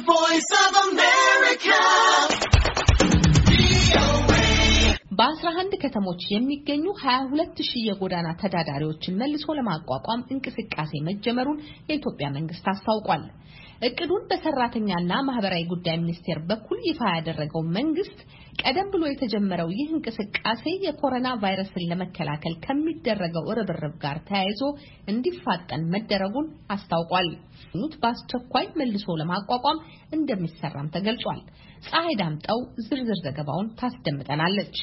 The Voice of America. በ ከተሞች የሚገኙ 22 ሺህ የጎዳና ተዳዳሪዎችን መልሶ ለማቋቋም እንቅስቃሴ መጀመሩን የኢትዮጵያ መንግስት አስታውቋል። እቅዱን በሰራተኛና ማህበራዊ ጉዳይ ሚኒስቴር በኩል ይፋ ያደረገው መንግስት ቀደም ብሎ የተጀመረው ይህ እንቅስቃሴ የኮሮና ቫይረስን ለመከላከል ከሚደረገው ርብርብ ጋር ተያይዞ እንዲፋጠን መደረጉን አስታውቋል። በአስቸኳይ መልሶ ለማቋቋም እንደሚሰራም ተገልጿል። ፀሐይ ዳምጠው ዝርዝር ዘገባውን ታስደምጠናለች።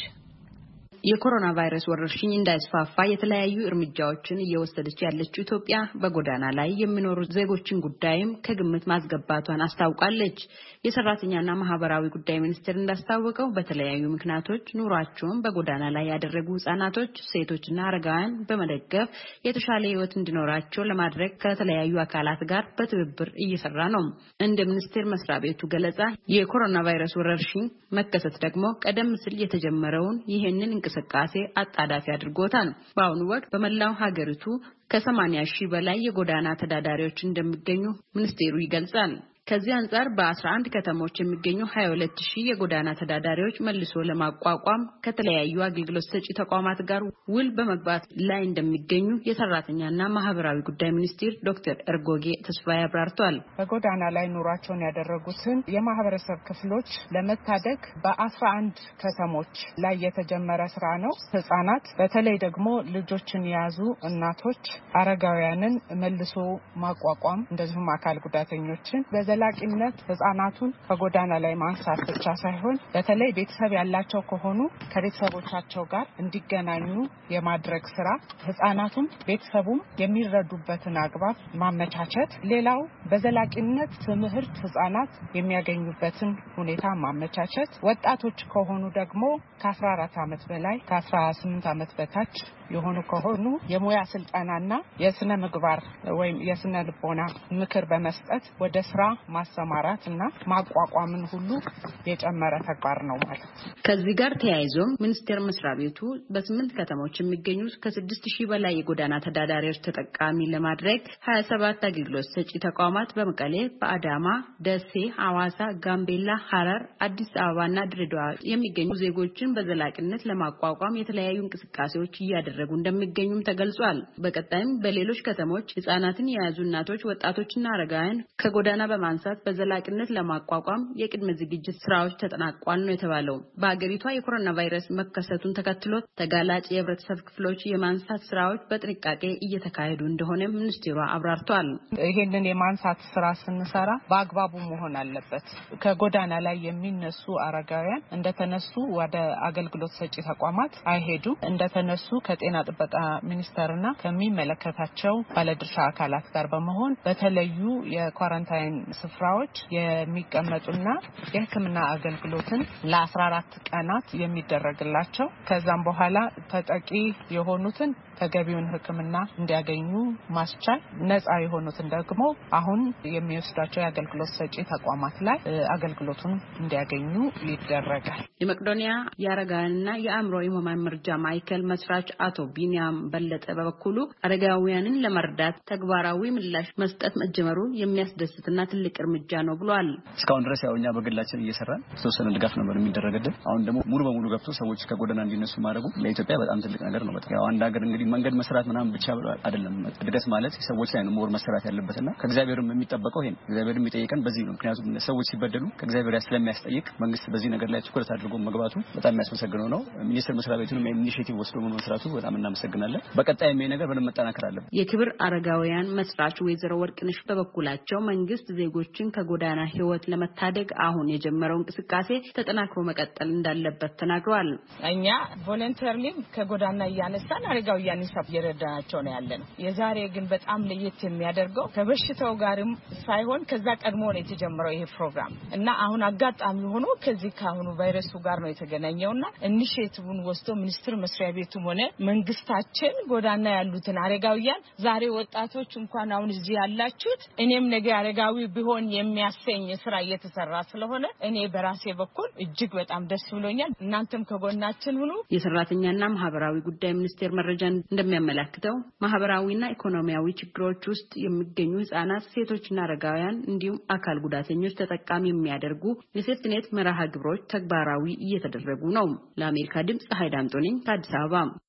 የኮሮና ቫይረስ ወረርሽኝ እንዳይስፋፋ የተለያዩ እርምጃዎችን እየወሰደች ያለችው ኢትዮጵያ በጎዳና ላይ የሚኖሩ ዜጎችን ጉዳይም ከግምት ማስገባቷን አስታውቃለች። የሰራተኛና ማህበራዊ ጉዳይ ሚኒስቴር እንዳስታወቀው በተለያዩ ምክንያቶች ኑሯቸውን በጎዳና ላይ ያደረጉ ህጻናቶች፣ ሴቶችና አረጋውያን በመደገፍ የተሻለ ህይወት እንዲኖራቸው ለማድረግ ከተለያዩ አካላት ጋር በትብብር እየሰራ ነው። እንደ ሚኒስቴር መስሪያ ቤቱ ገለጻ የኮሮና ቫይረስ ወረርሽኝ መከሰት ደግሞ ቀደም ሲል የተጀመረውን ይህንን እንቅስ እንቅስቃሴ አጣዳፊ አድርጎታል። በአሁኑ ወቅት በመላው ሀገሪቱ ከ80 ሺህ በላይ የጎዳና ተዳዳሪዎች እንደሚገኙ ሚኒስቴሩ ይገልጻል። ከዚህ አንጻር በ11 ከተሞች የሚገኙ 22 ሺህ የጎዳና ተዳዳሪዎች መልሶ ለማቋቋም ከተለያዩ አገልግሎት ሰጪ ተቋማት ጋር ውል በመግባት ላይ እንደሚገኙ የሰራተኛና ማህበራዊ ጉዳይ ሚኒስትር ዶክተር እርጎጌ ተስፋዬ አብራርቷል። በጎዳና ላይ ኑሯቸውን ያደረጉትን የማህበረሰብ ክፍሎች ለመታደግ በ11 ከተሞች ላይ የተጀመረ ስራ ነው። ህጻናት በተለይ ደግሞ ልጆችን የያዙ እናቶች አረጋውያንን መልሶ ማቋቋም እንደዚሁም አካል ጉዳተኞችን በዘላቂነት ህጻናቱን ከጎዳና ላይ ማንሳት ብቻ ሳይሆን በተለይ ቤተሰብ ያላቸው ከሆኑ ከቤተሰቦቻቸው ጋር እንዲገናኙ የማድረግ ስራ ህጻናቱም ቤተሰቡም የሚረዱበትን አግባብ ማመቻቸት፣ ሌላው በዘላቂነት ትምህርት ህጻናት የሚያገኙበትን ሁኔታ ማመቻቸት፣ ወጣቶች ከሆኑ ደግሞ ከ14 ዓመት በላይ ከ18 ዓመት በታች የሆኑ ከሆኑ የሙያ ስልጠናና የስነ ምግባር ወይም የስነ ልቦና ምክር በመስጠት ወደ ስራ ማሰማራት እና ማቋቋምን ሁሉ የጨመረ ተግባር ነው ማለት ነው። ከዚህ ጋር ተያይዞም ሚኒስቴር መስሪያ ቤቱ በስምንት ከተሞች የሚገኙ ከስድስት ሺህ በላይ የጎዳና ተዳዳሪዎች ተጠቃሚ ለማድረግ ሀያ ሰባት አገልግሎት ሰጪ ተቋማት በመቀሌ፣ በአዳማ፣ ደሴ፣ ሐዋሳ፣ ጋምቤላ፣ ሐረር፣ አዲስ አበባ እና ድሬዳዋ የሚገኙ ዜጎችን በዘላቂነት ለማቋቋም የተለያዩ እንቅስቃሴዎች እያደረጉ እንደሚገኙም ተገልጿል። በቀጣይም በሌሎች ከተሞች ህጻናትን የያዙ እናቶች፣ ወጣቶችና አረጋውያን ከጎዳና በማ በማንሳት በዘላቂነት ለማቋቋም የቅድመ ዝግጅት ስራዎች ተጠናቋል ነው የተባለው። በሀገሪቷ የኮሮና ቫይረስ መከሰቱን ተከትሎ ተጋላጭ የህብረተሰብ ክፍሎች የማንሳት ስራዎች በጥንቃቄ እየተካሄዱ እንደሆነ ሚኒስቴሯ አብራርተዋል። ይህንን የማንሳት ስራ ስንሰራ በአግባቡ መሆን አለበት። ከጎዳና ላይ የሚነሱ አረጋውያን እንደተነሱ ወደ አገልግሎት ሰጪ ተቋማት አይሄዱም። እንደተነሱ ከጤና ጥበቃ ሚኒስቴርና ከሚመለከታቸው ባለድርሻ አካላት ጋር በመሆን በተለዩ የኳረንታይን ስፍራዎች የሚቀመጡና የሕክምና አገልግሎትን ለ14 ቀናት የሚደረግላቸው ከዛም በኋላ ተጠቂ የሆኑትን ተገቢውን ሕክምና እንዲያገኙ ማስቻል፣ ነጻ የሆኑትን ደግሞ አሁን የሚወስዷቸው የአገልግሎት ሰጪ ተቋማት ላይ አገልግሎቱን እንዲያገኙ ይደረጋል። የመቅዶኒያ የአረጋውያንና የአእምሮ ህሙማን መርጃ ማዕከል መስራች አቶ ቢኒያም በለጠ በበኩሉ አረጋውያንን ለመርዳት ተግባራዊ ምላሽ መስጠት መጀመሩ የሚያስደስትና ትልቅ ትልቅ እርምጃ ነው ብሏል። እስካሁን ድረስ ያው እኛ በግላችን እየሰራን የተወሰነ ድጋፍ ነበር የሚደረግልን። አሁን ደግሞ ሙሉ በሙሉ ገብቶ ሰዎች ከጎዳና እንዲነሱ ማድረጉ ለኢትዮጵያ በጣም ትልቅ ነገር ነው። በጣም ያው አንድ ሀገር እንግዲህ መንገድ መስራት ምናምን ብቻ አይደለም። እድገት ማለት ሰዎች ላይ ነው ሞር መሰራት ያለበት እና ከእግዚአብሔርም የሚጠበቀው ይሄ ነው። እግዚአብሔር የሚጠይቀን በዚህ ነው። ምክንያቱም ሰዎች ሲበደሉ ከእግዚአብሔር ስለሚያስጠይቅ መንግስት በዚህ ነገር ላይ ትኩረት አድርጎ መግባቱ በጣም የሚያስመሰግነው ነው። ሚኒስትር መስሪያ ቤቱንም ኢኒሽቲቭ ወስዶ መስራቱ በጣም እናመሰግናለን። በቀጣይ ይሄ ነገር በደንብ መጠናከር አለበት። የክብር አረጋውያን መስራች ወይዘሮ ወርቅነሽ በበኩላቸው መንግስት ዜጎች ዜጎችን ከጎዳና ህይወት ለመታደግ አሁን የጀመረው እንቅስቃሴ ተጠናክሮ መቀጠል እንዳለበት ተናግረዋል። እኛ ቮለንተር ከጎዳና እያነሳን አደጋው እያነሳ እየረዳናቸው ነው ያለ ነው። የዛሬ ግን በጣም ለየት የሚያደርገው ከበሽታው ጋርም ሳይሆን ከዛ ቀድሞ ነው የተጀመረው ይሄ ፕሮግራም እና አሁን አጋጣሚ ሆኖ ከዚህ ከአሁኑ ቫይረሱ ጋር ነው የተገናኘውና ኢኒሽቲቭን ወስዶ ሚኒስቴር መስሪያ ቤቱም ሆነ መንግስታችን ጎዳና ያሉትን አረጋውያን ዛሬ ወጣቶች እንኳን አሁን እዚህ ያላችሁት እኔም ነገ አረጋዊ ቢሆን ሆን የሚያሰኝ ስራ እየተሰራ ስለሆነ እኔ በራሴ በኩል እጅግ በጣም ደስ ብሎኛል። እናንተም ከጎናችን ሁኑ። የሰራተኛና ማህበራዊ ጉዳይ ሚኒስቴር መረጃ እንደሚያመላክተው ማህበራዊና ኢኮኖሚያዊ ችግሮች ውስጥ የሚገኙ ህጻናት፣ ሴቶችና አረጋውያን እንዲሁም አካል ጉዳተኞች ተጠቃሚ የሚያደርጉ የሴፍትኔት መርሃ ግብሮች ተግባራዊ እየተደረጉ ነው። ለአሜሪካ ድምፅ ሀይድ አምጦ ነኝ ከአዲስ አበባ